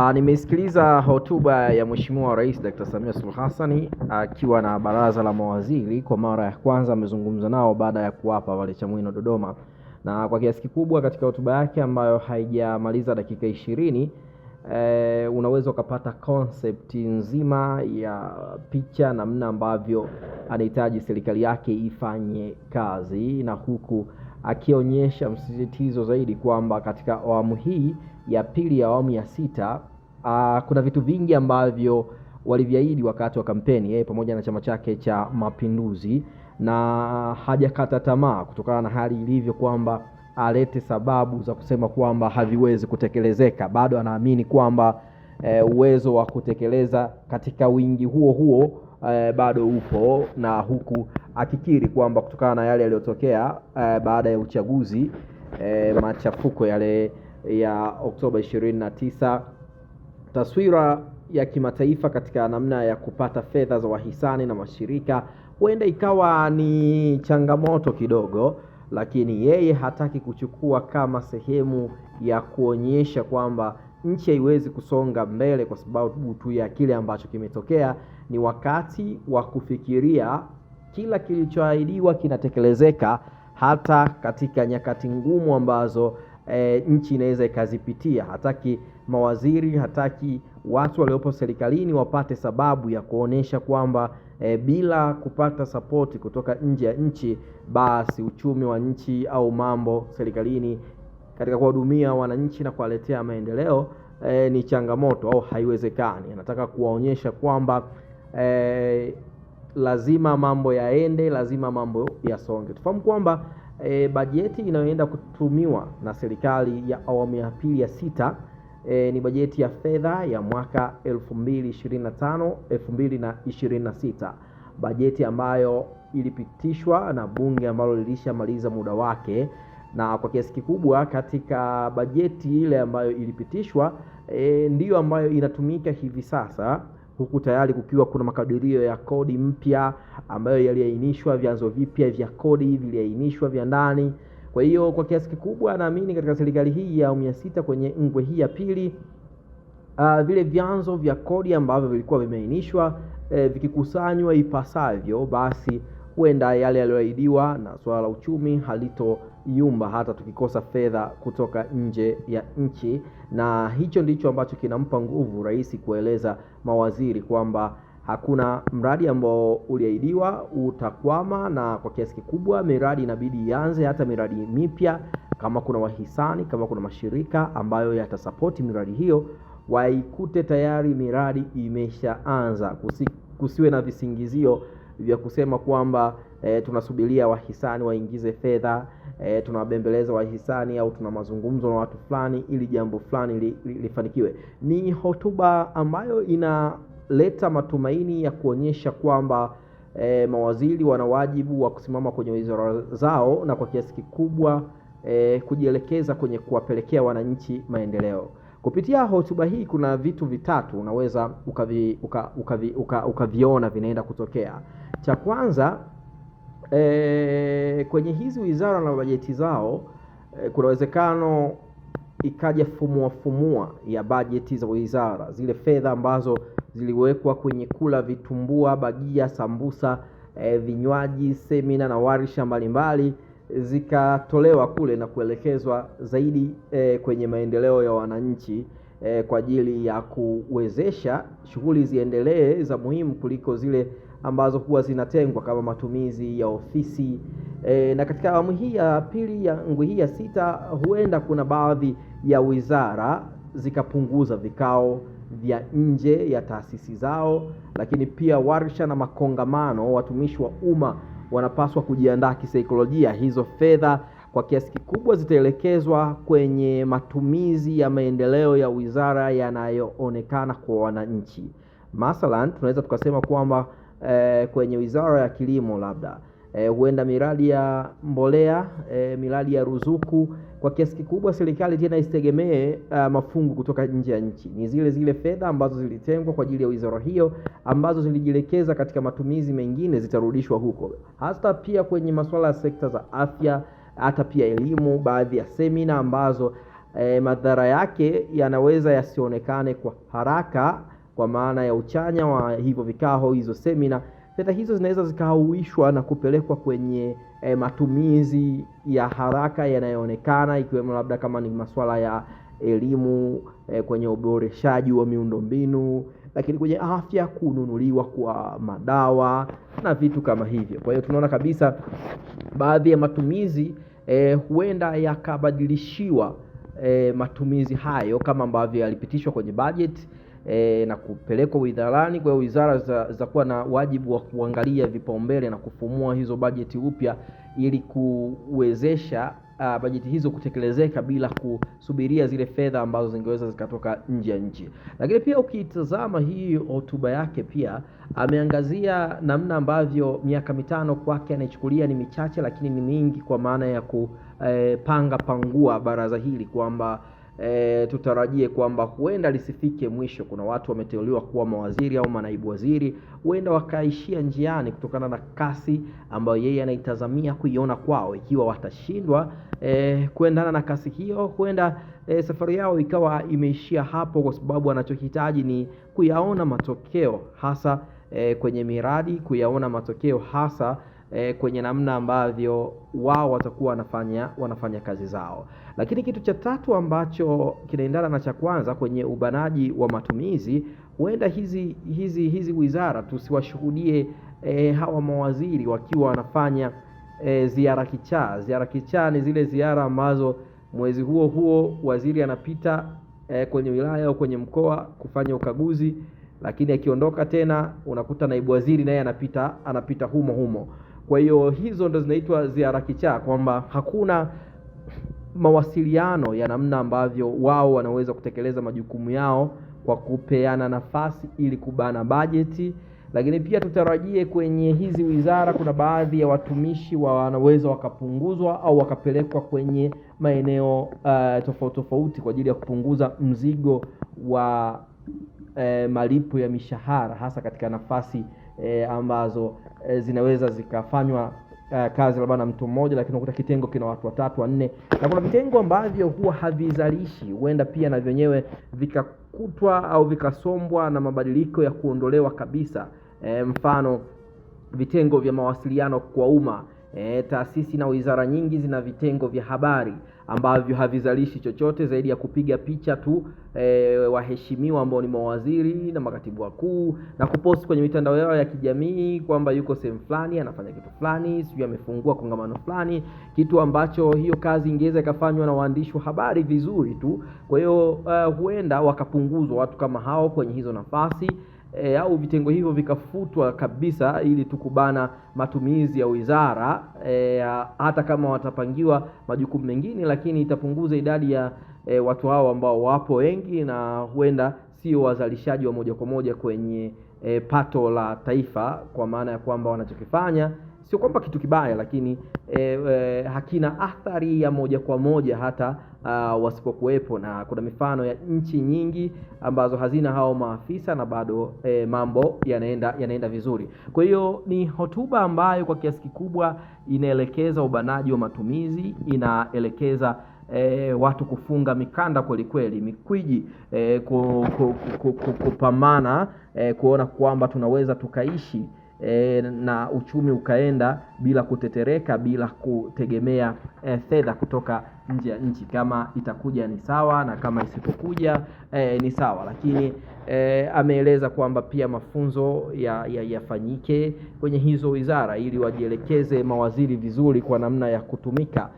Ah, nimesikiliza hotuba ya Mheshimiwa Rais Dr. Samia Suluhu Hassan akiwa na baraza la mawaziri kwa mara ya kwanza, amezungumza nao baada ya kuwapa wale Chamwino Dodoma, na kwa kiasi kikubwa katika hotuba yake ambayo haijamaliza dakika ishirini eh, unaweza ukapata concept nzima ya picha, namna ambavyo anahitaji serikali yake ifanye kazi na huku akionyesha msisitizo zaidi kwamba katika awamu hii ya pili ya awamu ya sita a, ah, kuna vitu vingi ambavyo waliviahidi wakati wa kampeni yeye eh, pamoja na chama chake cha Mapinduzi, na hajakata tamaa kutokana na hali ilivyo kwamba alete sababu za kusema kwamba haviwezi kutekelezeka. Bado anaamini kwamba e, uwezo wa kutekeleza katika wingi huo huo eh, bado upo na huku akikiri kwamba kutokana na yale yaliyotokea eh, baada ya uchaguzi eh, machafuko yale ya Oktoba 29 taswira ya kimataifa katika namna ya kupata fedha za wahisani na mashirika huenda ikawa ni changamoto kidogo, lakini yeye hataki kuchukua kama sehemu ya kuonyesha kwamba nchi haiwezi kusonga mbele kwa sababu tu ya kile ambacho kimetokea. Ni wakati wa kufikiria kila kilichoahidiwa kinatekelezeka, hata katika nyakati ngumu ambazo e, nchi inaweza ikazipitia. Hataki mawaziri, hataki watu waliopo serikalini wapate sababu ya kuonesha kwamba e, bila kupata sapoti kutoka nje ya nchi, basi uchumi wa nchi au mambo serikalini katika kuwahudumia wananchi na kuwaletea maendeleo e, ni changamoto au haiwezekani. Anataka kuwaonyesha kwamba e, lazima mambo yaende, lazima mambo yasonge. Tufahamu kwamba e, bajeti inayoenda kutumiwa na serikali ya awamu ya pili ya sita e, ni bajeti ya fedha ya mwaka 2025 2026, bajeti ambayo ilipitishwa na bunge ambalo lilishamaliza muda wake na kwa kiasi kikubwa katika bajeti ile ambayo ilipitishwa e, ndiyo ambayo inatumika hivi sasa huku tayari kukiwa kuna makadirio ya kodi mpya ambayo yaliainishwa, vyanzo vipya vya kodi viliainishwa vya ndani. Kwa hiyo kwa kiasi kikubwa naamini katika serikali hii ya awamu ya sita kwenye ngwe hii ya pili, uh, vile vyanzo vya kodi ambavyo vilikuwa vimeainishwa eh, vikikusanywa ipasavyo basi huenda yale yaliyoahidiwa na suala la uchumi halitoyumba hata tukikosa fedha kutoka nje ya nchi, na hicho ndicho ambacho kinampa nguvu rais kueleza mawaziri kwamba hakuna mradi ambao uliahidiwa utakwama, na kwa kiasi kikubwa miradi inabidi ianze, hata miradi mipya. Kama kuna wahisani, kama kuna mashirika ambayo yatasapoti miradi hiyo, waikute tayari miradi imeshaanza, kusiwe na visingizio vya kusema kwamba e, tunasubiria wahisani waingize fedha e, tunawabembeleza wahisani au tuna mazungumzo na watu fulani ili jambo fulani li, li, lifanikiwe. Ni hotuba ambayo inaleta matumaini ya kuonyesha kwamba e, mawaziri wana wajibu wa kusimama kwenye wizara zao na kwa kiasi kikubwa e, kujielekeza kwenye kuwapelekea wananchi maendeleo. Kupitia hotuba hii kuna vitu vitatu unaweza ukaviona uka, uka, uka, uka vinaenda kutokea. Cha kwanza e, kwenye hizi wizara na bajeti zao e, kuna uwezekano ikaja fumua fumua ya bajeti za wizara, zile fedha ambazo ziliwekwa kwenye kula vitumbua, bagia, sambusa, e, vinywaji, semina na warsha mbalimbali zikatolewa kule na kuelekezwa zaidi e, kwenye maendeleo ya wananchi e, kwa ajili ya kuwezesha shughuli ziendelee za muhimu kuliko zile ambazo huwa zinatengwa kama matumizi ya ofisi e, na katika awamu hii ya pili ya ngu hii ya sita huenda kuna baadhi ya wizara zikapunguza vikao vya nje ya taasisi zao, lakini pia warsha na makongamano watumishi wa umma wanapaswa kujiandaa kisaikolojia. Hizo fedha kwa kiasi kikubwa zitaelekezwa kwenye matumizi ya maendeleo ya wizara yanayoonekana kwa wananchi. Mathalan, tunaweza tukasema kwamba eh, kwenye wizara ya kilimo labda e, huenda miradi ya mbolea e, miradi ya ruzuku. Kwa kiasi kikubwa serikali tena isitegemee uh, mafungu kutoka nje ya nchi. Ni zile zile fedha ambazo zilitengwa kwa ajili ya wizara hiyo ambazo zilijielekeza katika matumizi mengine zitarudishwa huko, hasa pia kwenye masuala ya sekta za afya, hata pia elimu, baadhi ya semina ambazo eh, madhara yake yanaweza yasionekane kwa haraka kwa maana ya uchanya wa hivyo vikao, hizo semina fedha hizo zinaweza zikauishwa na kupelekwa kwenye e, matumizi ya haraka yanayoonekana ikiwemo labda kama ni masuala ya elimu e, kwenye uboreshaji wa miundombinu, lakini kwenye afya, kununuliwa kwa madawa na vitu kama hivyo. Kwa hiyo tunaona kabisa baadhi ya matumizi e, huenda yakabadilishiwa e, matumizi hayo kama ambavyo yalipitishwa kwenye bajeti e, na kupelekwa wizarani. Kwa hiyo wizara zitakuwa na wajibu wa kuangalia vipaumbele na kufumua hizo bajeti upya ili kuwezesha uh, bajeti hizo kutekelezeka bila kusubiria zile fedha ambazo zingeweza zikatoka nje ya nchi. Lakini pia ukitazama hii hotuba yake, pia ameangazia namna ambavyo miaka mitano kwake anaichukulia ni michache, lakini ni mingi kwa maana ya kupanga e, pangua baraza hili kwamba e, tutarajie kwamba huenda lisifike mwisho. Kuna watu wameteuliwa kuwa mawaziri au manaibu waziri, huenda wakaishia njiani kutokana na kasi ambayo yeye anaitazamia kuiona kwao. Ikiwa watashindwa e, kuendana na kasi hiyo, huenda e, safari yao ikawa imeishia hapo, kwa sababu anachohitaji ni kuyaona matokeo hasa e, kwenye miradi, kuyaona matokeo hasa e, kwenye namna ambavyo wao watakuwa wanafanya wanafanya kazi zao. Lakini kitu cha tatu ambacho kinaendana na cha kwanza kwenye ubanaji wa matumizi, huenda hizi hizi hizi wizara tusiwashuhudie e, hawa mawaziri wakiwa wanafanya e, ziara kichaa. Ziara kichaa ni zile ziara ambazo mwezi huo huo waziri anapita e, kwenye wilaya au kwenye mkoa kufanya ukaguzi, lakini akiondoka tena unakuta naibu waziri naye anapita anapita humo humo. Kwa hiyo hizo ndo zinaitwa ziara kichaa, kwamba hakuna mawasiliano ya namna ambavyo wao wanaweza kutekeleza majukumu yao kwa kupeana nafasi ili kubana bajeti. Lakini pia tutarajie kwenye hizi wizara kuna baadhi ya watumishi wa wanaweza wakapunguzwa au wakapelekwa kwenye maeneo uh, tofauti tofauti kwa ajili ya kupunguza mzigo wa uh, malipo ya mishahara hasa katika nafasi uh, ambazo e, zinaweza zikafanywa Uh, kazi labda na mtu mmoja, lakini unakuta kitengo kina watu watatu wanne, na kuna vitengo ambavyo huwa havizalishi, huenda pia na vyenyewe vikakutwa au vikasombwa na mabadiliko ya kuondolewa kabisa. E, mfano vitengo vya mawasiliano kwa umma. E, taasisi na wizara nyingi zina vitengo vya habari ambavyo havizalishi chochote zaidi ya kupiga picha tu e, waheshimiwa ambao ni mawaziri na makatibu wakuu na kupost kwenye mitandao yao ya kijamii kwamba yuko sehemu fulani anafanya kitu fulani, sijui amefungua kongamano fulani, kitu ambacho hiyo kazi ingeweza ikafanywa na waandishi wa habari vizuri tu. Kwa hiyo uh, huenda wakapunguzwa watu kama hao kwenye hizo nafasi e, au vitengo hivyo vikafutwa kabisa, ili tukubana matumizi ya wizara e, hata kama watapangiwa majukumu mengine, lakini itapunguza idadi ya e, watu hao ambao wapo wengi na huenda sio wazalishaji wa moja kwa moja kwenye e, pato la taifa, kwa maana ya kwamba wanachokifanya sio kwamba kitu kibaya, lakini e, e, hakina athari ya moja kwa moja hata ah, wasipokuwepo. Na kuna mifano ya nchi nyingi ambazo hazina hao maafisa na bado e, mambo yanaenda yanaenda vizuri. Kwa hiyo ni hotuba ambayo kwa kiasi kikubwa inaelekeza ubanaji wa matumizi, inaelekeza E, watu kufunga mikanda kweli kweli, mikwiji e, kupambana e, kuona kwamba tunaweza tukaishi e, na uchumi ukaenda bila kutetereka, bila kutegemea e, fedha kutoka nje ya nchi. Kama itakuja ni sawa, na kama isipokuja e, ni sawa, lakini e, ameeleza kwamba pia mafunzo yafanyike ya, kwenye hizo wizara ili wajielekeze mawaziri vizuri kwa namna ya kutumika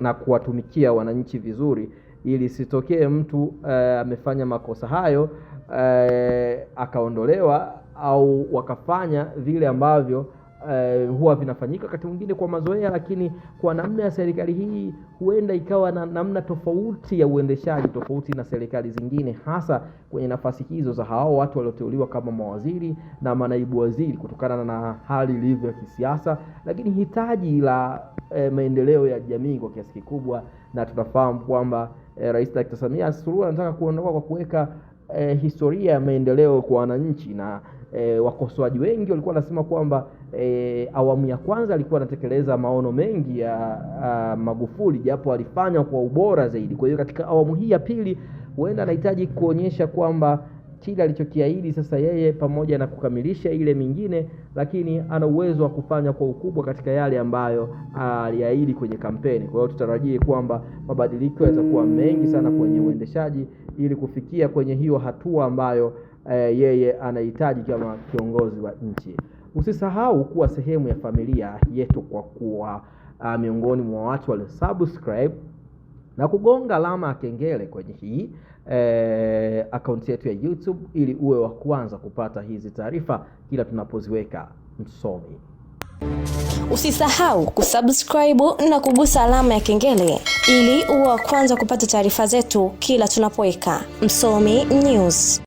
na kuwatumikia wananchi vizuri ili sitokee mtu e, amefanya makosa hayo e, akaondolewa au wakafanya vile ambavyo eh, huwa vinafanyika wakati mwingine kwa mazoea, lakini kwa namna ya serikali hii huenda ikawa na namna tofauti ya uendeshaji tofauti na serikali zingine, hasa kwenye nafasi hizo za hao watu walioteuliwa kama mawaziri na manaibu waziri, kutokana na hali ilivyo ya kisiasa, lakini hitaji la eh, maendeleo ya jamii kwa kiasi kikubwa, na tunafahamu kwamba eh, Rais Dr. Samia Suluhu anataka kuondoka kwa kuweka eh, historia ya maendeleo kwa wananchi na e, wakosoaji wengi walikuwa wanasema kwamba e, awamu ya kwanza alikuwa anatekeleza maono mengi ya a, Magufuli japo alifanya kwa ubora zaidi. Kwa hiyo katika awamu hii ya pili huenda anahitaji kuonyesha kwamba kile alichokiahidi sasa yeye pamoja na kukamilisha ile mingine, lakini ana uwezo wa kufanya kwa ukubwa katika yale ambayo aliahidi kwenye kampeni. Kwa hiyo tutarajie kwamba mabadiliko yatakuwa mengi sana kwenye uendeshaji ili kufikia kwenye hiyo hatua ambayo eh, yeye anahitaji kama kiongozi wa nchi. Usisahau kuwa sehemu ya familia yetu kwa kuwa uh, miongoni mwa watu subscribe na kugonga alama ya kengele kwenye hii eh, akaunti yetu ya YouTube ili uwe wa kwanza kupata hizi taarifa kila tunapoziweka. Msomi, usisahau kusubscribe na kugusa alama ya kengele ili uwe wa kwanza kupata taarifa zetu kila tunapoweka Msomi News.